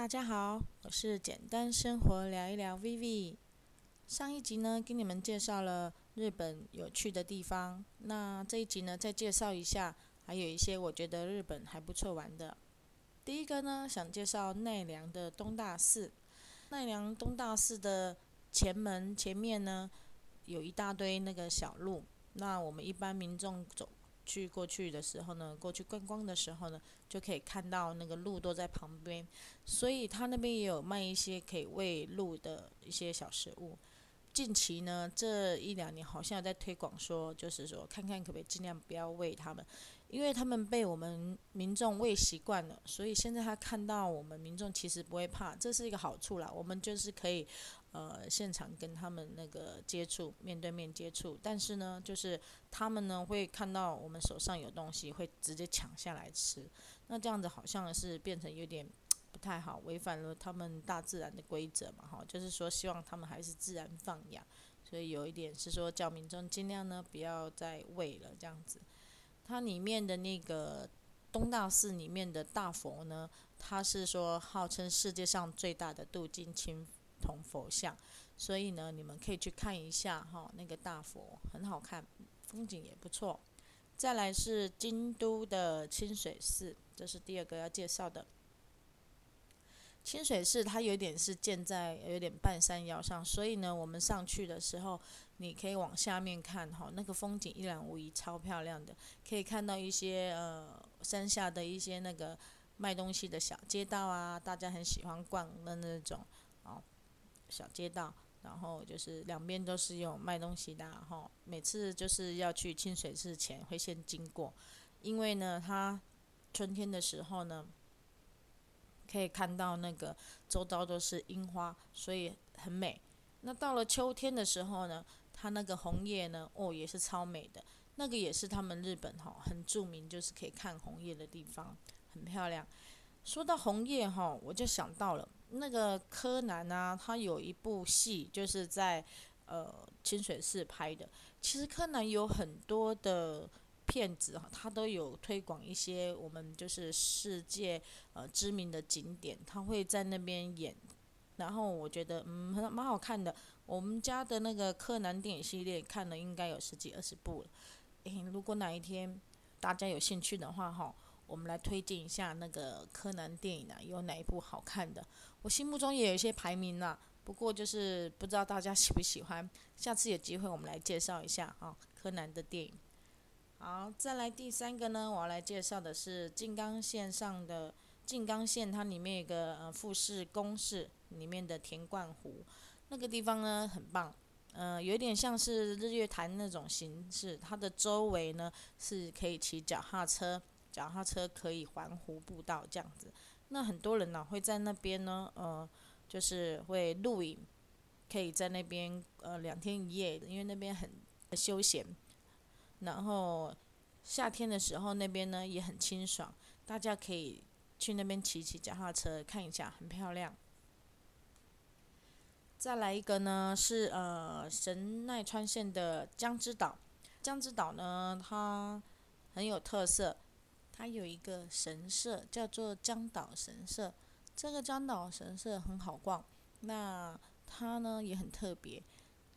大家好，我是簡單生活聊一聊 Vivi。上一集呢，給你們介紹了日本有趣的地方，那這一集呢，再介紹一下還有一些我覺得日本還不錯玩的。第一個呢，想介紹奈良的東大寺。奈良東大寺的前門前面呢，有一大堆那個小路，那我們一般民眾走。去過去的時候呢，過去觀光的時候呢，就可以看到那個鹿都在旁邊，所以他那邊也有賣一些可以餵鹿的一些小食物。近期呢，這一兩年好像在推廣說，就是說看看可不可以盡量不要餵它們因為他們被我們民眾餵習慣了，所以現在他看到我們民眾其實不會怕，這是一個好處啦。我們就是可以。呃，現場跟他們那個接觸，面對面接觸，但是呢，就是他們呢會看到我們手上有東西，會直接搶下來吃。那這樣子好像是變成有點不太好，違反了他們大自然的規則嘛？哈，就是說希望他們還是自然放養。所以有一點是說，叫民眾儘量呢不要再餵了，這樣子。它裡面的那個東大寺裡面的大佛呢，它是說號稱世界上最大的鍍金青同佛像，所以呢，你們可以去看一下哈、哦，那個大佛很好看，風景也不錯。再來是京都的清水寺，這是第二個要介紹的。清水寺它有點是建在有點半山腰上，所以呢，我們上去的時候，你可以往下面看哈、哦，那個風景一覽無遺，超漂亮的，可以看到一些呃山下的一些那個賣東西的小街道啊，大家很喜歡逛的那種。小街道，然後就是兩邊都是有賣東西的，哈。然後每次就是要去清水寺前會先經過，因為呢，它春天的時候呢，可以看到那個周遭都是櫻花，所以很美。那到了秋天的時候呢，它那個紅葉呢，哦，也是超美的。那個也是他們日本哈、哦、很著名，就是可以看紅葉的地方，很漂亮。說到紅葉哈、哦，我就想到了。那個柯南啊，它有一部戲就是在呃清水寺拍的。其實柯南有很多的片子哈，他都有推廣一些我們就是世界呃知名的景點，他會在那邊演。然後我覺得嗯蠻好看的。我們家的那個柯南電影系列看了應該有十幾二十部了。誒如果哪一天大家有興趣的話哈，我們來推薦一下那個柯南電影啊，有哪一部好看的？我心目中也有一些排名啦、啊，不過就是不知道大家喜不喜歡。下次有機會我們來介紹一下啊、哦，柯南的電影。好，再來第三個呢，我要來介紹的是靜岡縣，上的靜岡縣，它裡面有個呃富士宮市裡面的田貫湖。那個地方呢很棒，嗯、呃，有點像是日月潭那種形式。它的周圍呢是可以騎腳踏車，腳踏車可以環湖步道這樣子。那很多人呢，啊，會在那邊呢，呃，就是會露營，可以在那邊呃兩天一夜，因為那邊很休閒，然後夏天的時候那邊呢也很清爽，大家可以去那邊騎騎腳踏車，看一下很漂亮。再來一個呢是呃神奈川縣的江之島，江之島呢它很有特色。它有一個神社叫做江島神社，這個江島神社很好逛。那它呢也很特別，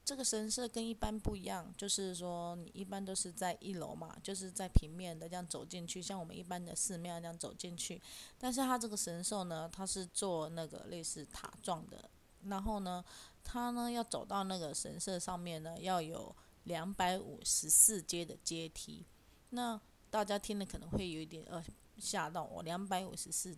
這個神社跟一般不一樣，就是說你一般都是在一樓嘛，就是在平面的這樣走進去，像我們一般的寺廟這樣走進去。但是它這個神社呢，它是做那個類似塔狀的。然後呢，它呢要走到那個神社上面呢，要有兩百五十四階的階梯。那大家聽了可能會有一點呃嚇、哦、到，我兩百五十四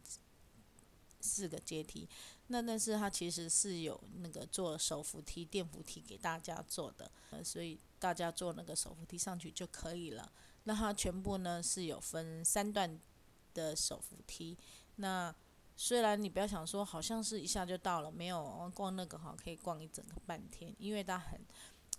四個階梯，那但是它其實是有那個做手扶梯、電扶梯給大家做的，呃、所以大家坐那個手扶梯上去就可以了。那它全部呢是有分三段的手扶梯，那雖然你不要想說好像是一下就到了，沒有、哦、逛那個哈可以逛一整個半天，因為它很。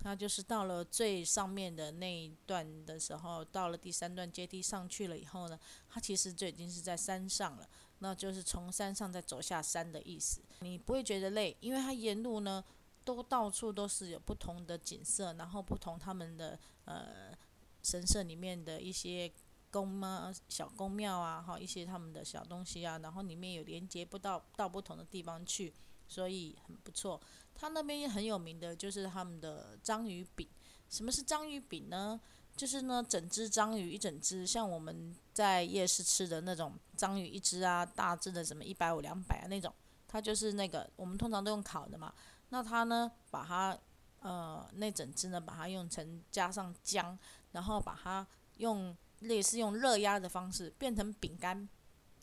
那就是到了最上面的那一段的時候，到了第三段階梯上去了以後呢，它其實就已經是在山上了。那就是從山上再走下山的意思，你不會覺得累，因為它沿路呢，都到處都是有不同的景色，然後不同他們的呃神社裡面的一些宮啊、小宮廟啊、哈一些他們的小東西啊，然後裡面有連接不到到不同的地方去。所以很不錯。他那邊也很有名的就是他們的章魚餅。什麼是章魚餅呢？就是呢整隻章魚，一整隻，像我們在夜市吃的那種章魚一隻啊，大隻的什麼一百五兩百啊那種。它就是那個我們通常都用烤的嘛。那它呢，把它呃那整隻呢把它用成加上薑，然後把它用類似用熱壓的方式變成餅乾，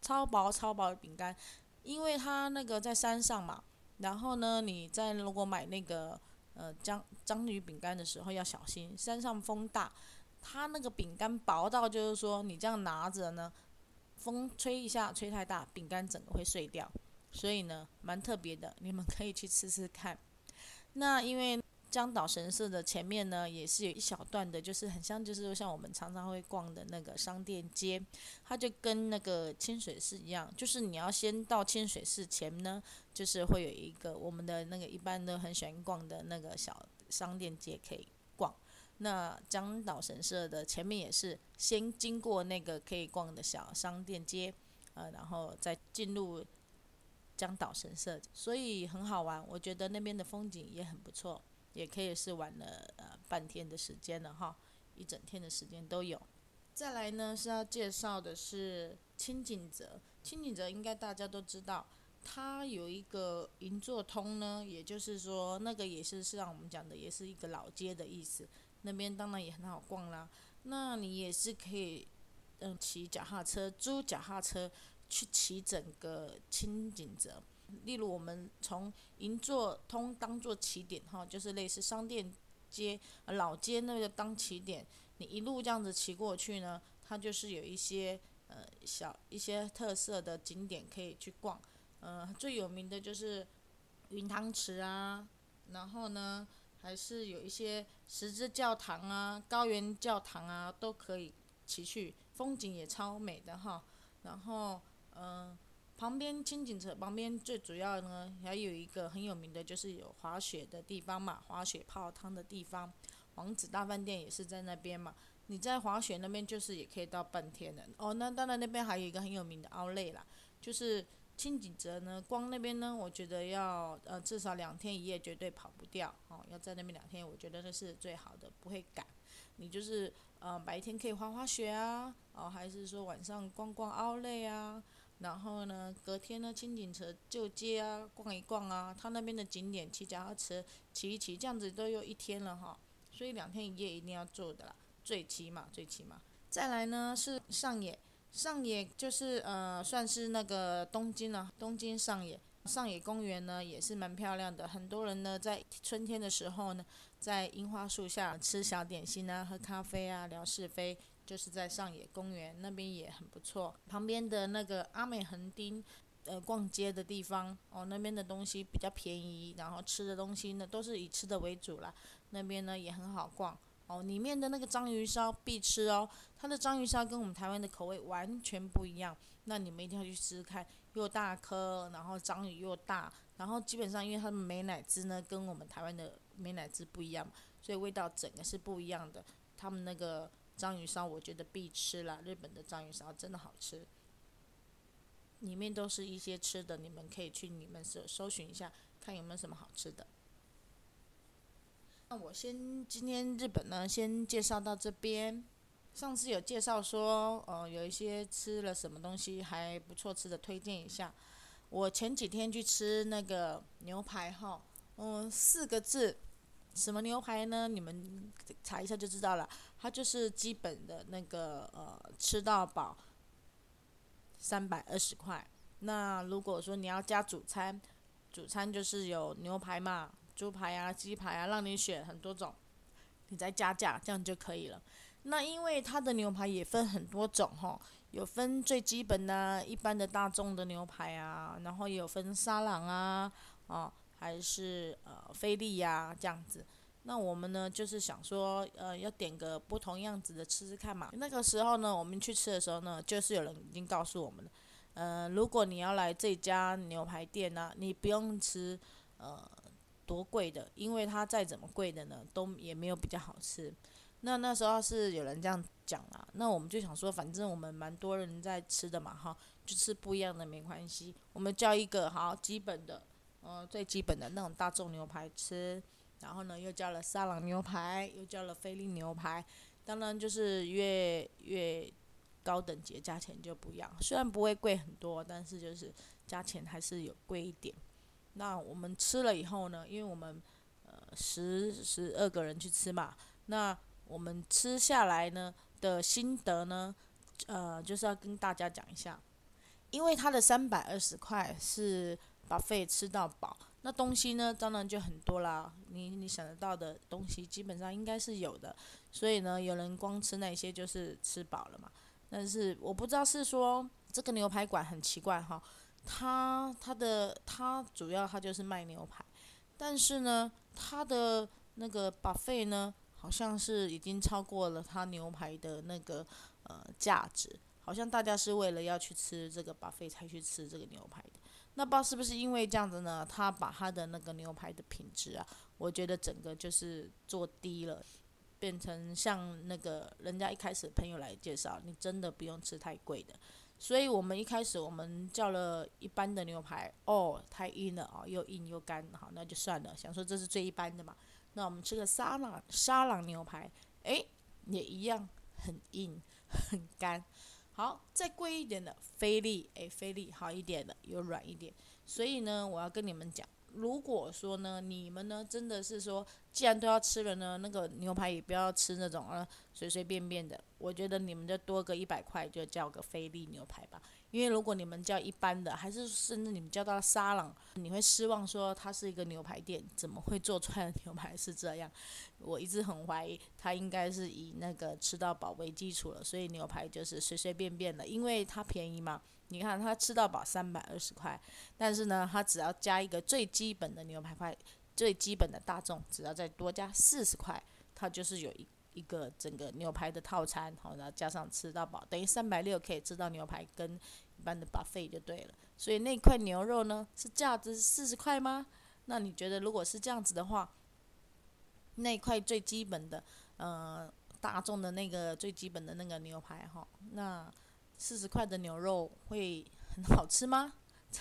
超薄超薄的餅乾，因為它那個在山上嘛。然後呢，你在如果買那個呃章章魚餅乾的時候要小心，山上風大，它那個餅乾薄到就是說你這樣拿着呢，風吹一下吹太大，餅乾整個會碎掉，所以呢蠻特別的，你們可以去試試看。那因為。江島神社的前面呢，也是有一小段的，就是很像，就是像我們常常會逛的那個商店街，它就跟那個清水寺一樣，就是你要先到清水寺前呢，就是會有一個我們的那個一般都很喜歡逛的那個小商店街可以逛。那江島神社的前面也是先經過那個可以逛的小商店街，呃，然後再進入江島神社，所以很好玩。我覺得那邊的風景也很不錯。也可以是玩了呃半天的時間了哈，一整天的時間都有。再來呢，是要介紹的是輕井澤，輕井澤應該大家都知道，它有一個銀座通呢，也就是說那個也是像我們講的，也是一個老街的意思。那邊當然也很好逛啦，那你也是可以嗯、呃、騎腳踏車，租腳踏車去騎整個輕井澤。例如我們從銀座通當做起點哈、哦,就是類似商店街，老街那個當起點，你一路這樣子騎過去呢，它就是有一些呃小一些特色的景點可以去逛，呃最有名的就是雲湯池啊，然後呢還是有一些十字教堂啊、高原教堂啊都可以騎去，風景也超美的哈、哦，然後嗯。呃旁邊輕井澤旁邊最主要呢，還有一個很有名的就是有滑雪的地方嘛，滑雪泡湯的地方。王子大飯店也是在那邊嘛。你在滑雪那邊就是也可以到半天的哦。那當然那邊還有一個很有名的奧萊啦，就是輕井澤呢，逛那邊呢，我覺得要呃至少兩天一夜絕對跑不掉哦。要在那邊兩天，我覺得那是最好的，不會趕。你就是呃白天可以滑滑雪啊，哦還是說晚上逛逛奧萊啊。然後呢，隔天呢，輕井澤舊街啊，逛一逛啊，他那邊的景點，騎腳踏車騎一騎，這樣子都有一天了哈，所以兩天一夜一定要做的啦，最起碼，最起碼。再來呢是上野，上野就是呃，算是那個東京啊，東京上野，上野公園呢也是蠻漂亮的，很多人呢在春天的時候呢，在櫻花樹下吃小點心啊，喝咖啡啊，聊是非。就是在上野公園那邊也很不錯，旁邊的那個阿美橫町，呃，逛街的地方哦，那邊的東西比較便宜，然後吃的東西呢都是以吃的為主啦。那邊呢也很好逛哦，裡面的那個章魚燒必吃哦，它的章魚燒跟我們台灣的口味完全不一樣，那你們一定要去試試看，又大顆，然後章魚又大，然後基本上因為他們美乃滋呢跟我們台灣的美乃滋不一樣，所以味道整個是不一樣的，他們那個。章魚燒，我覺得必吃啦。日本的章魚燒真的好吃，裡面都是一些吃的，你們可以去你們搜搜尋一下，看有沒有什麼好吃的。那我先今天日本呢，先介紹到這邊。上次有介紹說，哦、呃，有一些吃了什麼東西還不錯吃的，推薦一下。我前幾天去吃那個牛排哈，嗯、哦，四個字，什麼牛排呢？你們查一下就知道了。它就是基本的那個呃，吃到飽。三百二十塊。那如果說你要加主餐，主餐就是有牛排嘛、豬排啊、雞排啊，讓你選很多種，你再加價，這樣就可以了。那因為它的牛排也分很多種哈，哦，有分最基本的、一般的大眾的牛排啊，然後也有分沙朗啊，哦，還是呃菲力呀，啊，這樣子。那我們呢，就是想說，呃，要點個不同樣子的吃吃看嘛。那個時候呢，我們去吃的時候呢，就是有人已經告訴我們了，呃，如果你要來這家牛排店呢，啊，你不用吃，呃，多貴的，因為它再怎麼貴的呢，都也沒有比較好吃。那那時候是有人這樣講了，啊，那我們就想說，反正我們蠻多人在吃的嘛，哈，就吃不一樣的沒關係，我們叫一個好基本的，呃，最基本的那種大眾牛排吃。然後呢，又叫了沙朗牛排，又叫了菲力牛排，當然就是越越高等級的價錢就不一樣，雖然不會貴很多，但是就是價錢還是有貴一點。那我們吃了以後呢，因為我們呃十十二個人去吃嘛，那我們吃下來呢的心得呢，呃就是要跟大家講一下，因為他的三百二十塊是 buffet 吃到飽。那東西呢，當然就很多啦。你你想得到的東西，基本上應該是有的。所以呢，有人光吃那些就是吃飽了嘛。但是我不知道是說這個牛排館很奇怪哈、哦，它它的它主要它就是賣牛排，但是呢，它的那個 buffet 呢，好像是已經超過了它牛排的那個呃價值，好像大家是為了要去吃這個 buffet 才去吃這個牛排的。那不知道是不是因為這樣子呢？他把他的那個牛排的品質啊，我覺得整個就是做低了，變成像那個人家一開始的朋友來介紹，你真的不用吃太貴的。所以我們一開始我們叫了一般的牛排，哦，太硬了哦，又硬又乾，好，那就算了。想說這是最一般的嘛，那我們吃個沙朗，沙朗牛排，哎，也一樣很硬很乾。好，再貴一點的菲力，誒，菲力好一點的，又軟一點。所以呢，我要跟你們講，如果說呢，你們呢真的是說，既然都要吃了呢，那個牛排也不要吃那種啊，隨隨便便的。我覺得你們就多個一百塊，就叫個菲力牛排吧。因為如果你們叫一般的，還是甚至你們叫到沙朗，你會失望說它是一個牛排店，怎麼會做出來的牛排是這樣？我一直很懷疑，它應該是以那個吃到飽為基礎了，所以牛排就是隨隨便便的，因為它便宜嘛。你看它吃到飽三百二十塊，但是呢，它只要加一個最基本的牛排塊，最基本的大眾，只要再多加四十塊，它就是有一一個整個牛排的套餐，好，然後加上吃到飽，等於三百六，可以吃到牛排跟。一般的 buffet 就對了，所以那塊牛肉呢是價值四十塊嗎？那你覺得如果是這樣子的話，那塊最基本的，呃，大眾的那個最基本的那個牛排哈，那四十塊的牛肉會很好吃嗎？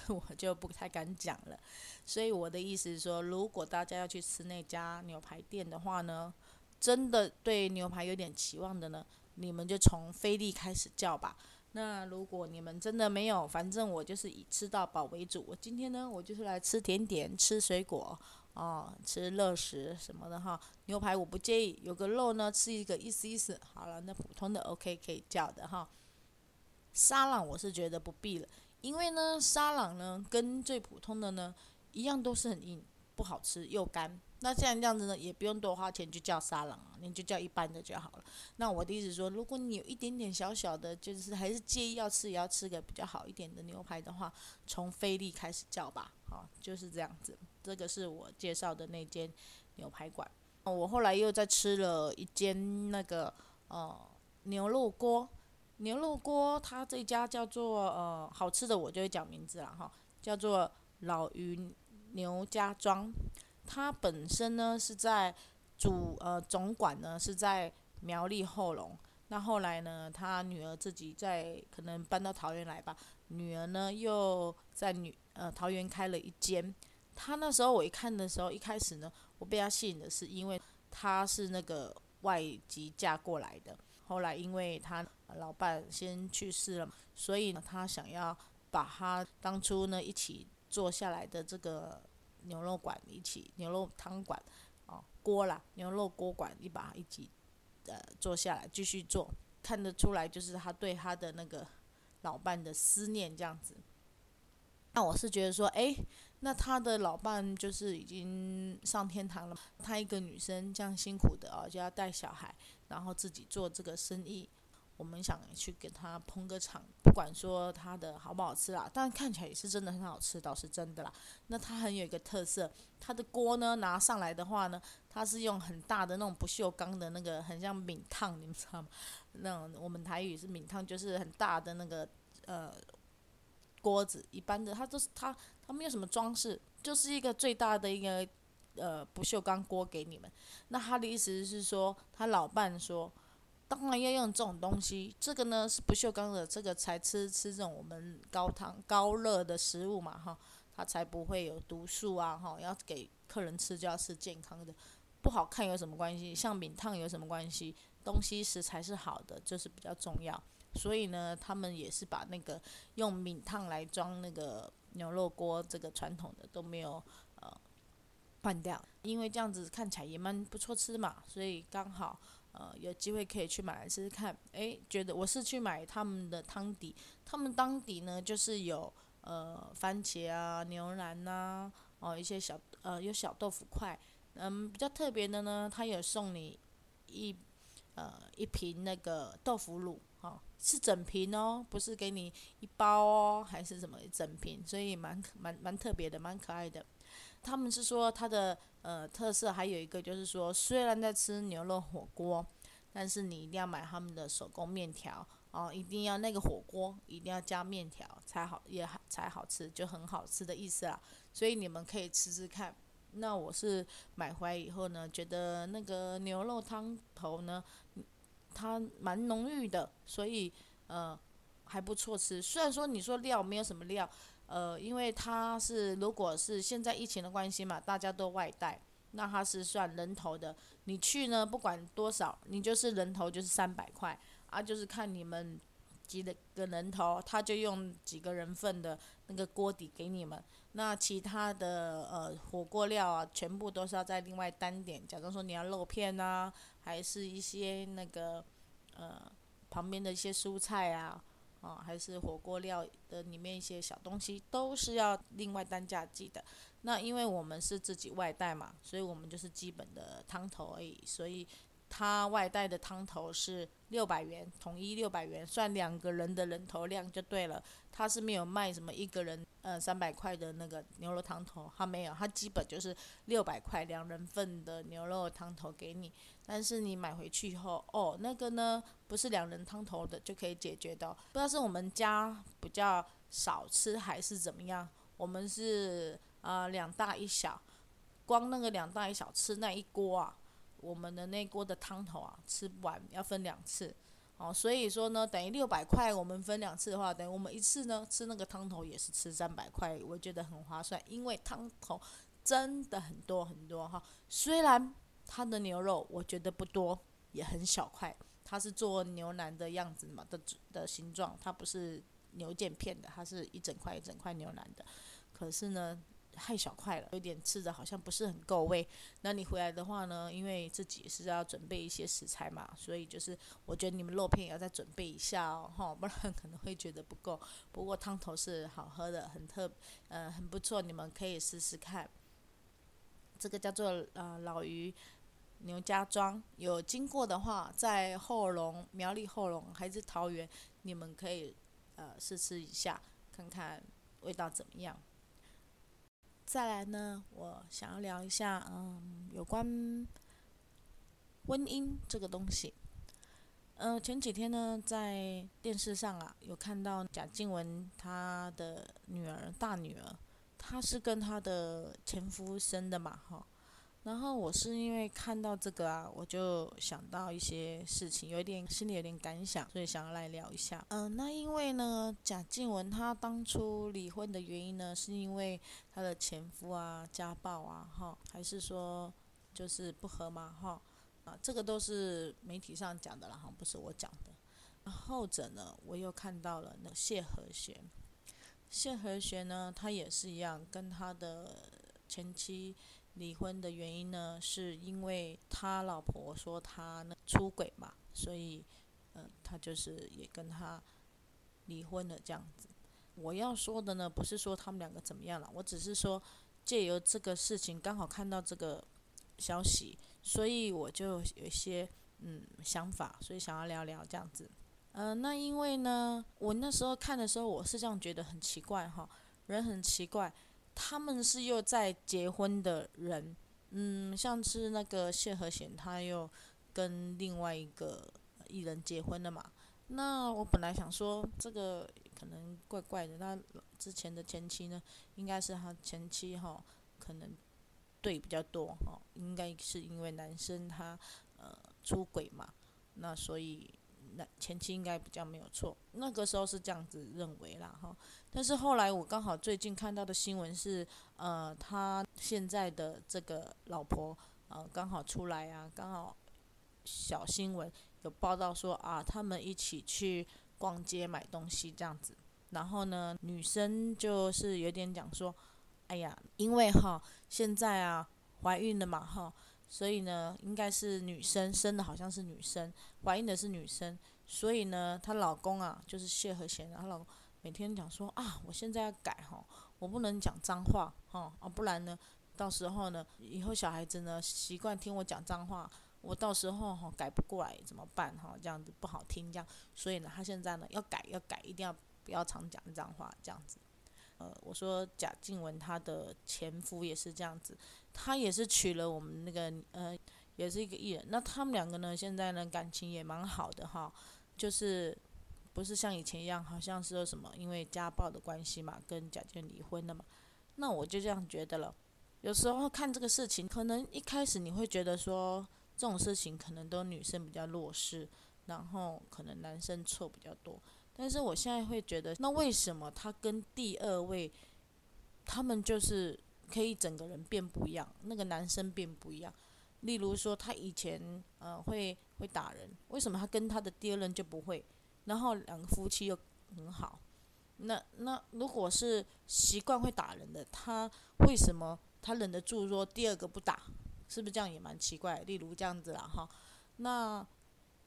這我就不太敢講了。所以我的意思是說，如果大家要去吃那家牛排店的話呢，真的對牛排有點期望的呢，你們就從菲力開始叫吧。那如果你們真的沒有，反正我就是以吃到飽為主。我今天呢，我就是來吃甜點、吃水果，哦，吃熱食什麼的哈。牛排我不介意，有個肉呢吃一個意思意思。好了，那普通的 OK 可以叫的哈。沙朗我是覺得不必了，因為呢，沙朗呢跟最普通的呢一樣都是很硬。不好吃又乾，那既然這樣子呢，也不用多花錢，就叫沙朗啊，你就叫一般的就好了。那我的意思說，如果你有一點點小小的，就是還是介意要吃，也要吃個比較好一點的牛排的話，從菲力開始叫吧，好、哦，就是這樣子。這個是我介紹的那間牛排館，哦、我後來又在吃了一間那個呃牛肉鍋，牛肉鍋，它這家叫做呃好吃的，我就會講名字了哈、哦，叫做老余。牛家莊，他本身呢是在主呃總管呢是在苗栗後龍，那後來呢他女兒自己在可能搬到桃園來吧，女兒呢又在女呃桃園開了一間，他那時候我一看的時候，一開始呢我被他吸引的是因為他是那個外籍嫁過來的，後來因為他老伴先去世了，所以他想要把他當初呢一起。做下來的這個牛肉館，一起牛肉湯館，哦鍋啦牛肉鍋館一把一起，呃做下來，繼續做，看得出來就是他對他的那個老伴的思念這樣子。那我是覺得說，哎、欸，那他的老伴就是已經上天堂了，她一個女生這樣辛苦的哦，就要帶小孩，然後自己做這個生意。我們想去給他捧個場，不管說他的好不好吃啦，但看起來也是真的很好吃，倒是真的啦。那他很有一個特色，他的鍋呢拿上來的話呢，他是用很大的那種不鏽鋼的那個，很像閩燙，你們知道嗎？那我們台語是閩燙，就是很大的那個呃鍋子一般的，他都、就是他他沒有什麼裝飾，就是一個最大的一個呃不鏽鋼鍋給你們。那他的意思是說，他老伴說。當然要用這種東西，這個呢是不鏽鋼的，這個才吃吃這種我們高糖高熱的食物嘛哈，它才不會有毒素啊哈。要給客人吃就要吃健康的，不好看有什麼關係？像米燙有什麼關係？東西食材是好的，就是比較重要。所以呢，他們也是把那個用米燙來裝那個牛肉鍋，這個傳統的都沒有呃換掉，因為這樣子看起來也蠻不錯吃嘛，所以剛好。呃，有機會可以去買來試試看。誒，覺得我是去買他們的湯底，他們湯底呢就是有呃番茄啊、牛腩啊，哦一些小呃有小豆腐塊，嗯比較特別的呢，他有送你一呃一瓶那個豆腐乳，哈、哦、是整瓶哦，不是給你一包哦還是什麼一整瓶，所以蠻可蠻蠻，蠻特別的，蠻可愛的。他們是說他的。呃，特色還有一個就是說，雖然在吃牛肉火鍋，但是你一定要買他們的手工麵條哦，一定要那個火鍋一定要加麵條才好，也才好吃，就很好吃的意思啦。所以你們可以吃吃看。那我是買回來以後呢，覺得那個牛肉湯頭呢，它蠻濃郁的，所以呃。還不錯吃，雖然說你說料沒有什麼料，呃，因為他是如果是現在疫情的關係嘛，大家都外帶，那他是算人頭的。你去呢，不管多少，你就是人頭就是三百塊，啊，就是看你們幾個人頭，他就用幾個人份的那個鍋底給你們。那其他的呃火鍋料啊，全部都是要在另外單點。假如說你要肉片啊，還是一些那個呃旁邊的一些蔬菜啊。哦，還是火鍋料的裡面一些小東西都是要另外單價計的。那因為我們是自己外帶嘛，所以我們就是基本的湯頭而已。所以他外帶的湯頭是六百元，統一六百元算兩個人的人頭量就對了。他是沒有賣什麼一個人的。呃、嗯，三百塊的那個牛肉湯頭，他沒有，他基本就是六百塊兩人份的牛肉湯頭給你。但是你買回去後，哦，那個呢，不是兩人湯頭的就可以解決的。不知道是我們家比較少吃還是怎麼樣。我們是啊，呃、兩大一小，光那個兩大一小吃那一鍋啊，我們的那鍋的湯頭啊，吃不完要分兩次。哦，所以說呢，等於六百塊，我們分兩次的話，等於我們一次呢吃那個湯頭也是吃三百塊，我覺得很划算，因為湯頭真的很多很多哈。雖然它的牛肉我覺得不多，也很小塊，它是做牛腩的樣子嘛的的形狀，它不是牛腱片的，它是一整塊一整塊牛腩的，可是呢。太小塊了，有點吃着好像不是很夠味。那你回來的話呢？因為自己也是要準備一些食材嘛，所以就是我覺得你們肉片也要再準備一下哦，吼，不然可能會覺得不夠。不過湯頭是好喝的，很特，呃，很不錯，你們可以試試看。這個叫做呃老魚牛家莊，有經過的話，在後龍、苗栗後龍還是桃園，你們可以呃試吃一下，看看味道怎麼樣？再來呢，我想要聊一下，嗯，有關婚姻這個東西。嗯、呃，前幾天呢，在電視上啊，有看到賈靜雯她的女兒大女兒，她是跟她的前夫生的嘛，哈。然後我是因為看到這個啊，我就想到一些事情，有點心裡有點感想，所以想要來聊一下。嗯、呃，那因為呢，賈靜雯她當初離婚的原因呢，是因為她的前夫啊家暴啊，哈、哦，還是說就是不和嘛？哈、哦，啊，這個都是媒體上講的了哈，不是我講的。然後者呢，我又看到了那謝和弦，謝和弦呢，他也是一樣，跟他的前妻。離婚的原因呢，是因為他老婆說他出軌嘛，所以，嗯，他就是也跟他離婚了這樣子。我要說的呢，不是說他們兩個怎麼樣了，我只是說借由這個事情，剛好看到這個消息，所以我就有一些嗯想法，所以想要聊聊這樣子。嗯，那因為呢，我那時候看的時候，我是這樣覺得很奇怪哈，人很奇怪。他們是又在結婚的人，嗯，像是那個謝和弦，他又跟另外一個藝人結婚了嘛。那我本來想說，這個可能怪怪的。他之前的前妻呢，應該是他前妻哈、哦，可能對比較多哈、哦，應該是因為男生他呃出軌嘛，那所以。那前期應該比較沒有錯，那個時候是這樣子認為啦哈。但是後來我剛好最近看到的新聞是，呃，他現在的這個老婆呃剛好出來啊，剛好小新聞有報道說啊，他們一起去逛街買東西這樣子。然後呢，女生就是有點講說，哎呀，因為哈現在啊懷孕了嘛哈。所以呢，應該是女生生的，好像是女生，懷孕的是女生。所以呢，她老公啊，就是謝和弦，她老公每天講說啊，我現在要改哈、哦，我不能講髒話哦、啊，不然呢，到時候呢，以後小孩子呢習慣聽我講髒話，我到時候、哦、改不過來怎麼辦哈、哦？這樣子不好聽，這樣。所以呢，她現在呢要改要改，一定要不要常講髒話這樣子。呃，我說賈靜雯她的前夫也是這樣子。他也是娶了我們那個呃，也是一個藝人。那他們兩個呢，現在呢感情也蠻好的哈，就是不是像以前一樣，好像是有什麼因為家暴的關係嘛，跟賈靜離婚的嘛。那我就這樣覺得了。有時候看這個事情，可能一開始你會覺得說，這種事情可能都女生比較弱勢，然後可能男生錯比較多。但是我現在會覺得，那為什麼他跟第二位，他們就是？可以整個人變不一樣，那個男生變不一樣。例如說，他以前呃會會打人，為什麼他跟他的第二任就不會？然後兩個夫妻又很好，那那如果是習慣會打人的，他為什麼他忍得住說第二個不打？是不是這樣也蠻奇怪？例如這樣子啦哈，那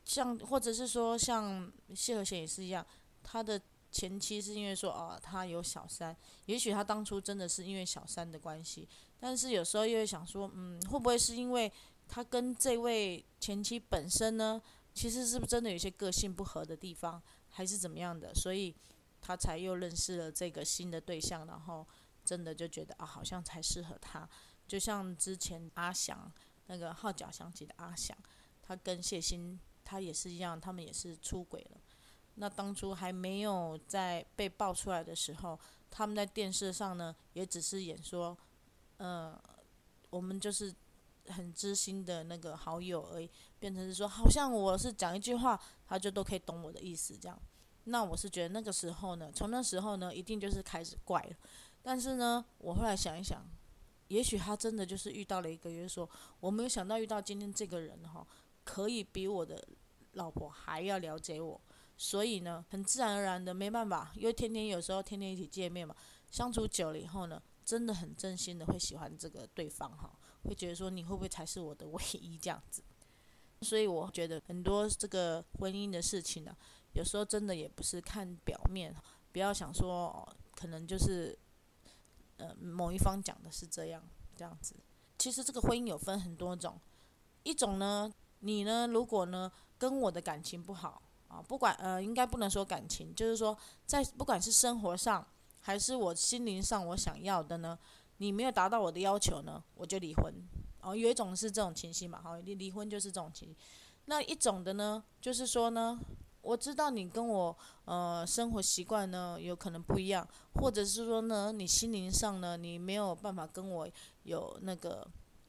像或者是說像謝和弦也是一樣，他的。前妻是因為說哦，他有小三，也許他當初真的是因為小三的關係，但是有時候又會想說，嗯，會不會是因為他跟這位前妻本身呢，其實是不是真的有些個性不合的地方，還是怎麼樣的，所以他才又認識了這個新的對象，然後真的就覺得啊，哦，好像才適合他。就像之前阿翔那個號角響起的阿翔，他跟謝忻他也是一樣，他們也是出軌了。那當初還沒有在被爆出來的時候，他們在電視上呢，也只是演說，呃，我們就是很知心的那個好友而已。變成是說，好像我是講一句話，他就都可以懂我的意思這樣。那我是覺得那個時候呢，從那時候呢，一定就是開始怪了。但是呢，我後來想一想，也許他真的就是遇到了一個，就是說，我沒有想到遇到今天這個人哈、哦，可以比我的老婆還要了解我。所以呢，很自然而然的，沒辦法，因為天天有時候天天一起見面嘛，相處久了以後呢，真的很真心的會喜歡這個對方哈、哦，會覺得說你會不會才是我的唯一這樣子。所以我覺得很多這個婚姻的事情呢、啊，有時候真的也不是看表面，不要想說哦，可能就是呃某一方講的是這樣這樣子。其實這個婚姻有分很多種，一種呢，你呢如果呢跟我的感情不好。不管呃，應該不能說感情，就是說，在不管是生活上還是我心靈上，我想要的呢，你沒有達到我的要求呢，我就離婚。哦，有一種是這種情形嘛，哈，離離婚就是這種情。那一種的呢，就是說呢，我知道你跟我呃生活習慣呢有可能不一樣，或者是說呢，你心靈上呢，你沒有辦法跟我有那個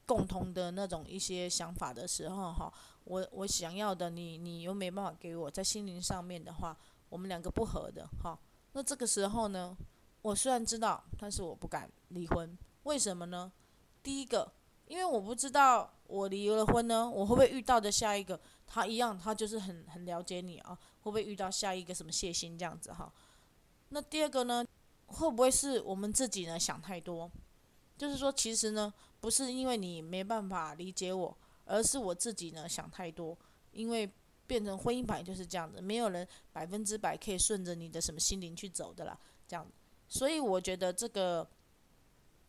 共同的那種一些想法的時候，哈、哦。我我想要的，你，你你又沒辦法給我，在心靈上面的話，我們兩個不合的哈、哦。那這個時候呢，我雖然知道，但是我不敢離婚，為什麼呢？第一個，因為我不知道我離了婚呢，我會不會遇到的下一個，他一樣，他就是很很了解你啊，會不會遇到下一個什麼謝心這樣子哈、哦？那第二個呢，會不會是我們自己呢想太多？就是說，其實呢，不是因為你沒辦法理解我。而是我自己呢想太多，因為變成婚姻法就是這樣子，沒有人百分之百可以順着你的什麼心靈去走的啦，這樣，所以我覺得這個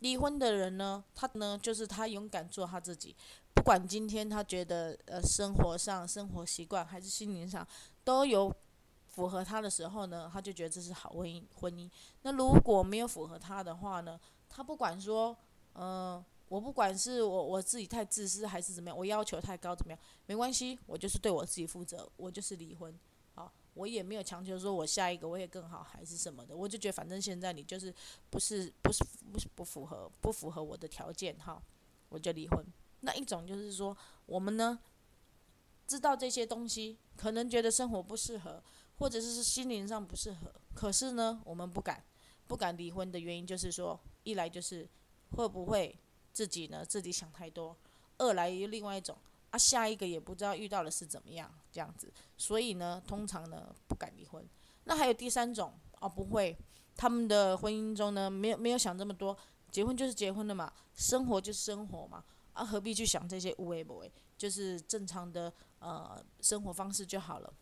離婚的人呢，他呢就是他勇敢做他自己，不管今天他覺得呃生活上生活習慣還是心靈上都有符合他的時候呢，他就覺得這是好婚姻婚姻。那如果沒有符合他的話呢，他不管說嗯。呃我不管是我我自己太自私還是怎麼樣，我要求太高怎麼樣，沒關係，我就是對我自己負責，我就是離婚，啊，我也沒有強求說我下一個我也更好還是什麼的，我就覺得反正現在你就是不是不是不是不符合不符合我的條件哈，我就離婚。那一種就是說我們呢，知道這些東西，可能覺得生活不適合，或者是心靈上不適合，可是呢，我們不敢，不敢離婚的原因就是說，一來就是會不會。自己呢，自己想太多；二來又另外一種啊，下一個也不知道遇到了是怎麼樣這樣子，所以呢，通常呢不敢離婚。那還有第三種哦，不會，他們的婚姻中呢，沒有沒有想這麼多，結婚就是結婚的嘛，生活就是生活嘛，啊，何必去想這些無所謂，就是正常的呃生活方式就好了。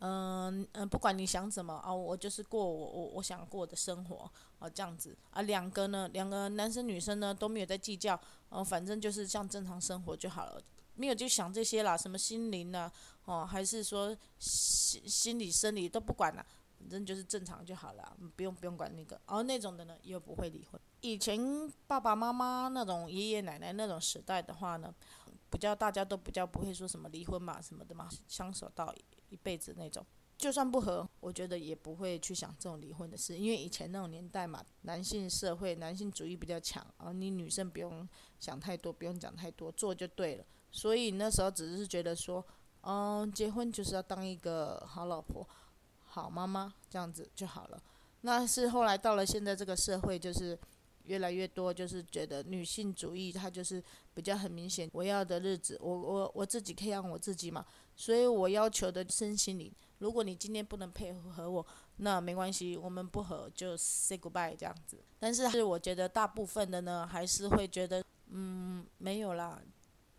嗯、呃、嗯、呃，不管你想怎麼啊，我就是過我我我想過的生活。哦，這樣子啊，兩個呢，兩個男生女生呢都沒有在計較，哦，反正就是像正常生活就好了，沒有就想這些啦，什麼心靈呢、啊，哦，還是說心心理生理都不管了，反正就是正常就好了，不用不用管那個，而、哦、那種的呢又不會離婚。以前爸爸媽媽那種爺爺奶奶那種時代的話呢，比較大家都比較不會說什麼離婚嘛什麼的嘛，相守到一輩子那種。就算不合，我覺得也不會去想這種離婚的事，因為以前那種年代嘛，男性社會男性主義比較強，而、啊、你女生不用想太多，不用講太多，做就對了。所以那時候只是覺得說，嗯，結婚就是要當一個好老婆、好媽媽，這樣子就好了。那是後來到了現在這個社會，就是越來越多，就是覺得女性主義它就是比較很明顯。我要的日子，我我我自己可以養我自己嘛，所以我要求的身心靈。如果你今天不能配合我，那沒關係，我們不合就 say goodbye 這樣子。但是，是我覺得大部分的呢，還是會覺得，嗯，沒有啦。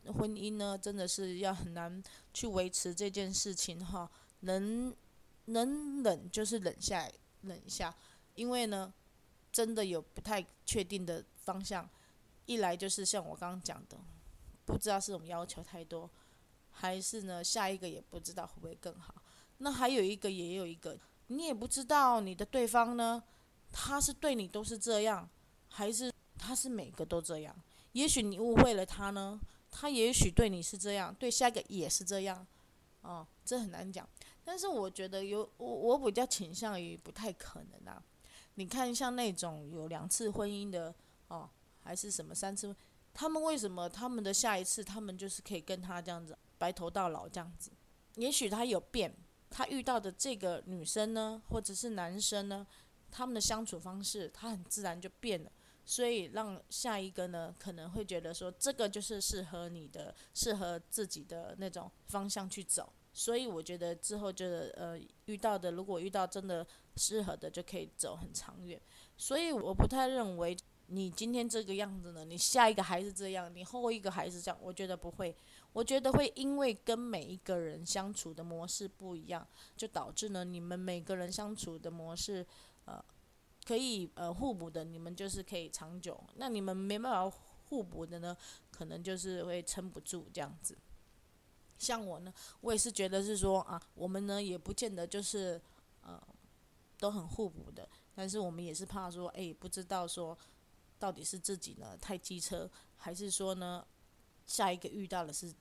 婚姻呢，真的是要很難去維持這件事情哈。能能忍就是忍下來忍一下，因為呢，真的有不太確定的方向。一來就是像我剛剛講的，不知道是我們要求太多，還是呢，下一個也不知道會不會更好。那還有一個也有一個，你也不知道你的對方呢，他是對你都是這樣，還是他是每個都這樣？也許你誤會了他呢，他也許對你是這樣，對下一個也是這樣，哦，這很難講。但是我覺得有我，我比較傾向於不太可能啊。你看，像那種有兩次婚姻的哦，還是什麼三次，他們為什麼他們的下一次他們就是可以跟他這樣子白頭到老這樣子？也許他有變。他遇到的這個女生呢，或者是男生呢，他們的相處方式，他很自然就變了，所以讓下一個呢，可能會覺得說，這個就是適合你的、適合自己的那種方向去走。所以我覺得之後就是，呃，遇到的如果遇到真的適合的，就可以走很長遠。所以我不太認為。你今天這個樣子呢？你下一個還是這樣？你後一個還是這樣？我覺得不會，我覺得會，因為跟每一個人相處的模式不一樣，就導致呢，你們每個人相處的模式，呃，可以呃互補的，你們就是可以長久。那你們沒辦法互補的呢，可能就是會撐不住這樣子。像我呢，我也是覺得是說啊，我們呢也不見得就是呃都很互補的，但是我們也是怕說，哎，不知道說。到底是自己呢太機車，還是說呢下一個遇到的是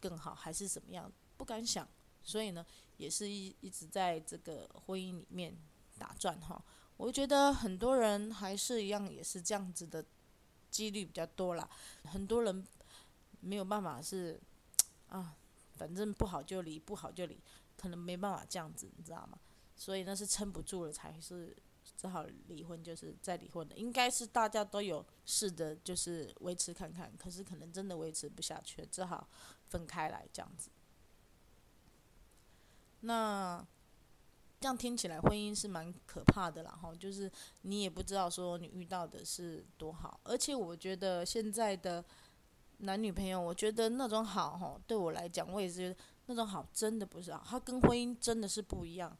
更好，還是怎麼樣？不敢想，所以呢也是一一直在這個婚姻裡面打轉哈。我覺得很多人還是一樣，也是這樣子的幾率比較多啦。很多人沒有辦法是啊，反正不好就離，不好就離，可能沒辦法這樣子，你知道嗎？所以那是撐不住了，才是。只好離婚，就是再離婚的，應該是大家都有試著，就是維持看看。可是可能真的維持不下去，只好分開來這樣子。那這樣聽起來婚姻是蠻可怕的啦，然後就是你也不知道說你遇到的是多好。而且我覺得現在的男女朋友，我覺得那種好，吼，對我來講，我也是覺得那種好，真的不是啊，他跟婚姻真的是不一樣。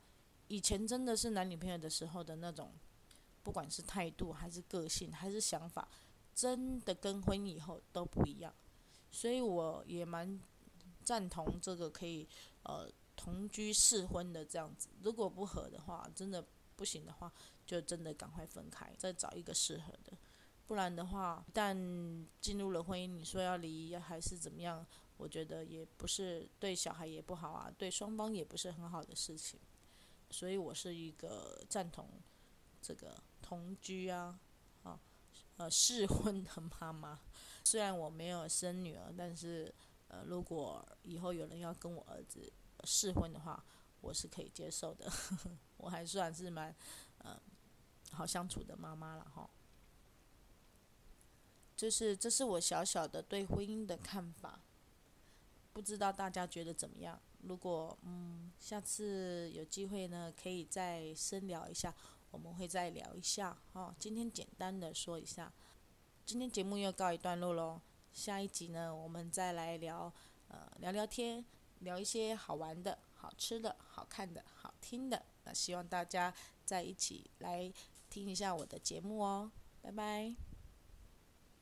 以前真的是男女朋友的時候的那種，不管是態度還是個性還是想法，真的跟婚姻以後都不一樣。所以我也蠻贊同這個可以呃同居試婚的這樣子。如果不合的話，真的不行的話，就真的趕快分開，再找一個適合的。不然的話，一旦進入了婚姻，你說要離還是怎麼樣？我覺得也不是，對小孩也不好啊，對雙方也不是很好的事情。所以我是一個贊同這個同居啊，啊，呃試婚的媽媽。雖然我沒有生女兒，但是呃，如果以後有人要跟我兒子試婚的話，我是可以接受的。呵呵，我還算是蠻嗯、呃、好相處的媽媽了哈、哦。就是這是我小小的對婚姻的看法，不知道大家覺得怎麼樣？如果嗯，下次有機會呢，可以再深聊一下。我們會再聊一下哦。今天簡單的說一下，今天節目又告一段落嘍。下一集呢，我們再來聊，呃，聊聊天，聊一些好玩的、好吃的、好看的、好聽的。那希望大家再一起來聽一下我的節目哦。拜拜。